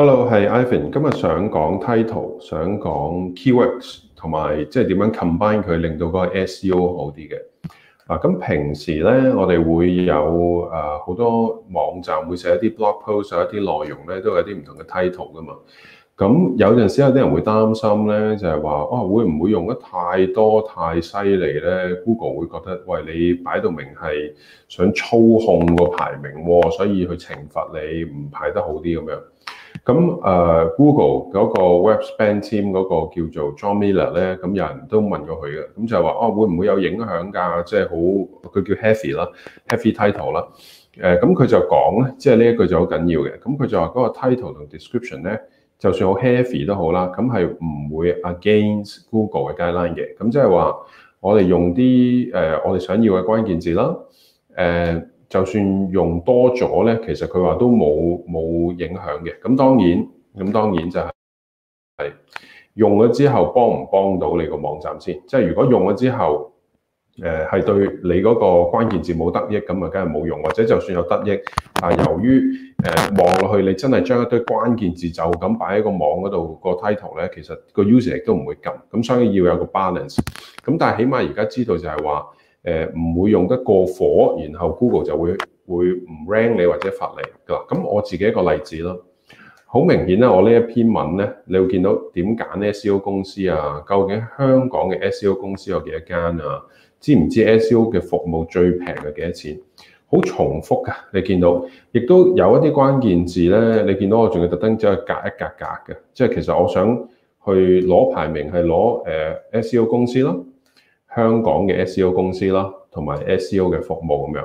Hello，係 Ivan。今日想講 title，想講 keywords，同埋即係點樣 combine 佢，令到個 SEO 好啲嘅。嗱、啊，咁平時咧，我哋會有誒好、啊、多網站會寫一啲 blog post，一啲內容咧，都有啲唔同嘅 title 噶嘛。咁、啊、有陣時有啲人會擔心咧，就係話哦，會唔會用得太多太犀利咧？Google 會覺得喂，你擺到明係想操控個排名喎、哦，所以去懲罰你，唔排得好啲咁樣。咁誒 Google 嗰個 Web Span Team 嗰個叫做 John Miller 咧，咁有人都問過佢嘅，咁就係話哦會唔會有影響㗎？即係好佢叫 heavy 啦，heavy title 啦，誒咁佢就講咧，即係呢一句就好緊要嘅。咁佢就話嗰個 title 同 description 咧，就算好 heavy 都好啦，咁係唔會 against Google 嘅 guideline 嘅。咁即係話我哋用啲誒我哋想要嘅關鍵字啦，誒、呃。就算用多咗咧，其實佢話都冇冇影響嘅。咁當然，咁當然就係係用咗之後，幫唔幫到你個網站先？即係如果用咗之後，誒係對你嗰個關鍵字冇得益，咁啊梗係冇用。或者就算有得益，但係由於誒望落去，你真係將一堆關鍵字就咁擺喺個網嗰度個 title 咧，其實個 user 亦都唔會撳。咁所以要有個 balance。咁但係起碼而家知道就係話。誒唔、呃、會用得過火，然後 Google 就會會唔 rank 你或者罰你㗎。咁我自己一個例子咯，好明顯咧、啊，我呢一篇文咧，你會見到點揀 SEO 公司啊？究竟香港嘅 SEO 公司有幾多間啊？知唔知 SEO 嘅服務最平係幾多錢？好重複噶，你見到，亦都有一啲關鍵字咧，你見到我仲要特登走去隔一隔隔嘅，即係其實我想去攞排名係攞誒 SEO 公司咯。香港嘅 SEO 公司啦，同埋 SEO 嘅服務咁樣，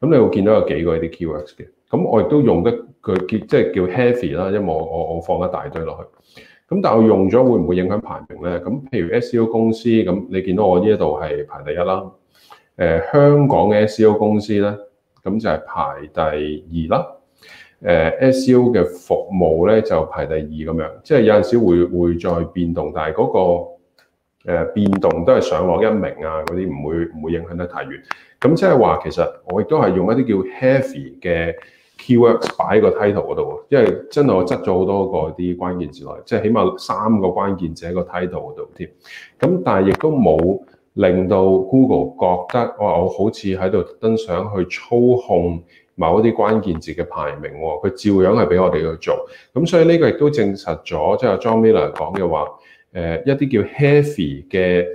咁你會見到有幾個啲 keywords 嘅，咁我亦都用得佢即係叫 heavy 啦，因為我我我放一大堆落去，咁但係我用咗會唔會影響排名咧？咁譬如 SEO 公司，咁你見到我呢一度係排第一啦，誒、呃、香港嘅 SEO 公司咧，咁就係排第二啦，誒、呃、SEO 嘅服務咧就排第二咁樣，即係有陣時會會再變動，但係嗰、那個。誒變動都係上落一名啊，嗰啲唔會唔會影響得太遠。咁即係話，其實我亦都係用一啲叫 heavy 嘅 keywords 擺喺個 title 嗰度，因為真係我執咗好多個啲關鍵字落，即係起碼三個關鍵字喺個 title 嗰度添。咁但係亦都冇令到 Google 覺得，哇，我好似喺度登上去操控某一啲關鍵字嘅排名喎，佢照樣係俾我哋去做。咁所以呢個亦都證實咗，即係 John Miller 講嘅話。誒、呃，一啲叫 heavy 嘅。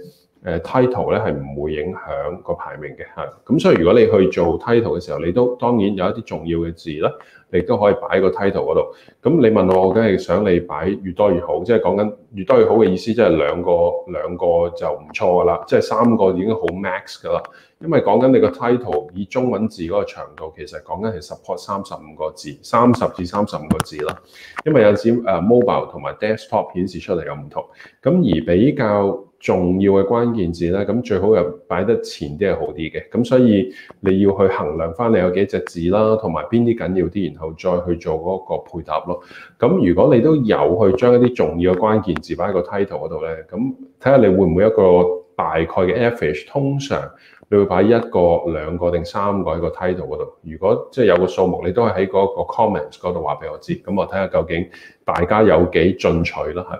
誒 title 咧係唔會影響個排名嘅嚇，咁所以如果你去做 title 嘅時候，你都當然有一啲重要嘅字啦，你都可以擺個 title 嗰度。咁你問我，我梗係想你擺越多越好，即係講緊越多越好嘅意思，即係兩個兩個就唔錯噶啦，即係三個已經好 max 噶啦。因為講緊你個 title 以中文字嗰個長度，其實講緊係 support 三十五個字，三十至三十五個字啦。因為有時誒 mobile 同埋 desktop 顯示出嚟有唔同，咁而比較。重要嘅關鍵字咧，咁最好又擺得前啲係好啲嘅。咁所以你要去衡量翻你有幾隻字啦，同埋邊啲緊要啲，然後再去做嗰個配搭咯。咁如果你都有去將一啲重要嘅關鍵字擺喺個 title 嗰度咧，咁睇下你會唔會一個大概嘅 average？通常你會擺一個、兩個定三個喺個 title 嗰度。如果即係有個數目，你都係喺嗰個 comments 嗰度話俾我知。咁我睇下究竟大家有幾進取啦，係。